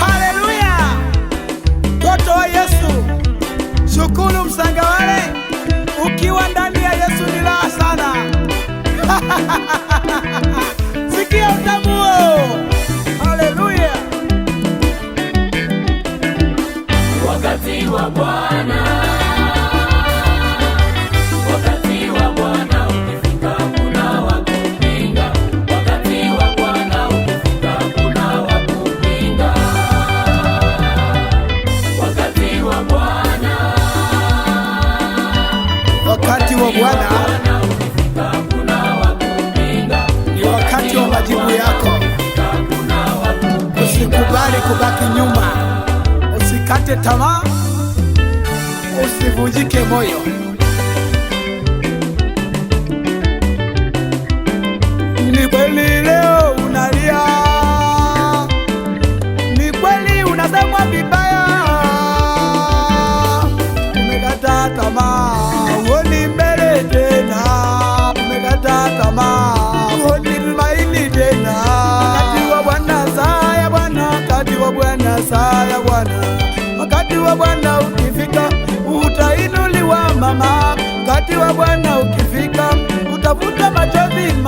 Haleluya! Watoto wa Yesu, shukuru Msangawale, ukiwa ndani ya Yesu ni raha sana Bwana, ni wakati wa majibu yako. Usikubali kubaki nyuma, usikate tamaa, usivunjike moyo. Ni kweli leo unalia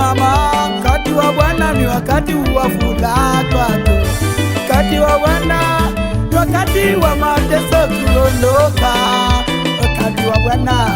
mama, wakati wa Bwana ni wakati wa furaha kwako, wakati wa Bwana ni wakati wa mateso kuondoka, wakati wa Bwana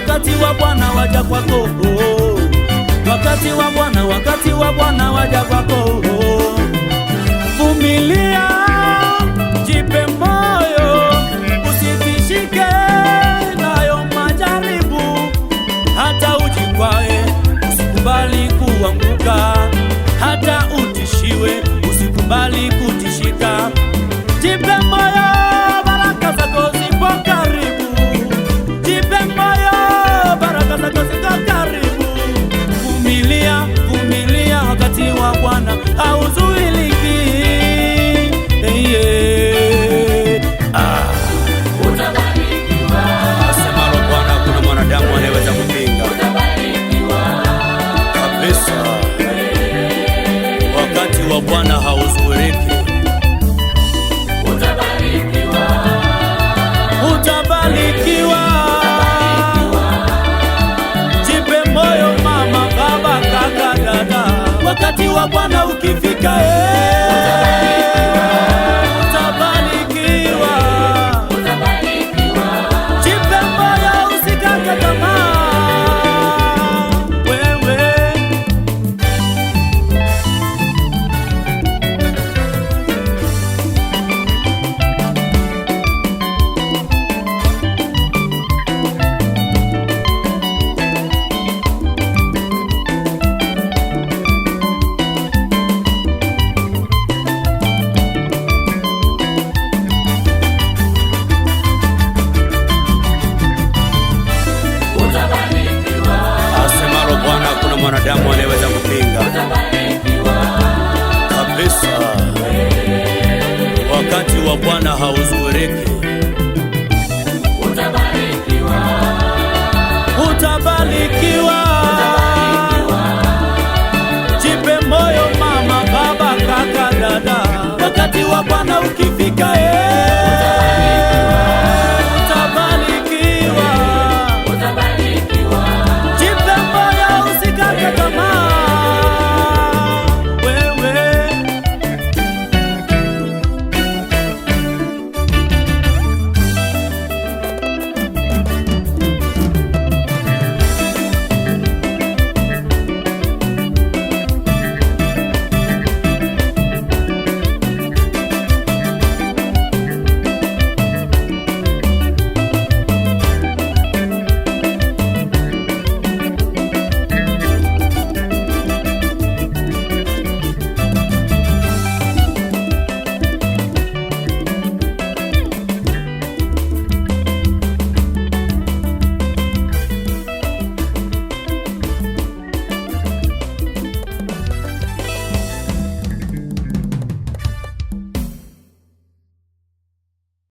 wakati wa Bwana waja kwako Wakati wa Bwana, wakati wa Bwana waja kwako Vumilia, jipe moyo, usitishike nayo majaribu, hata ujikwae, usikubali kuanguka, hata utishiwe, usikubali wa mwanadamu anayeweza kupinga kabisa. Wakati wa Bwana hauzuriki.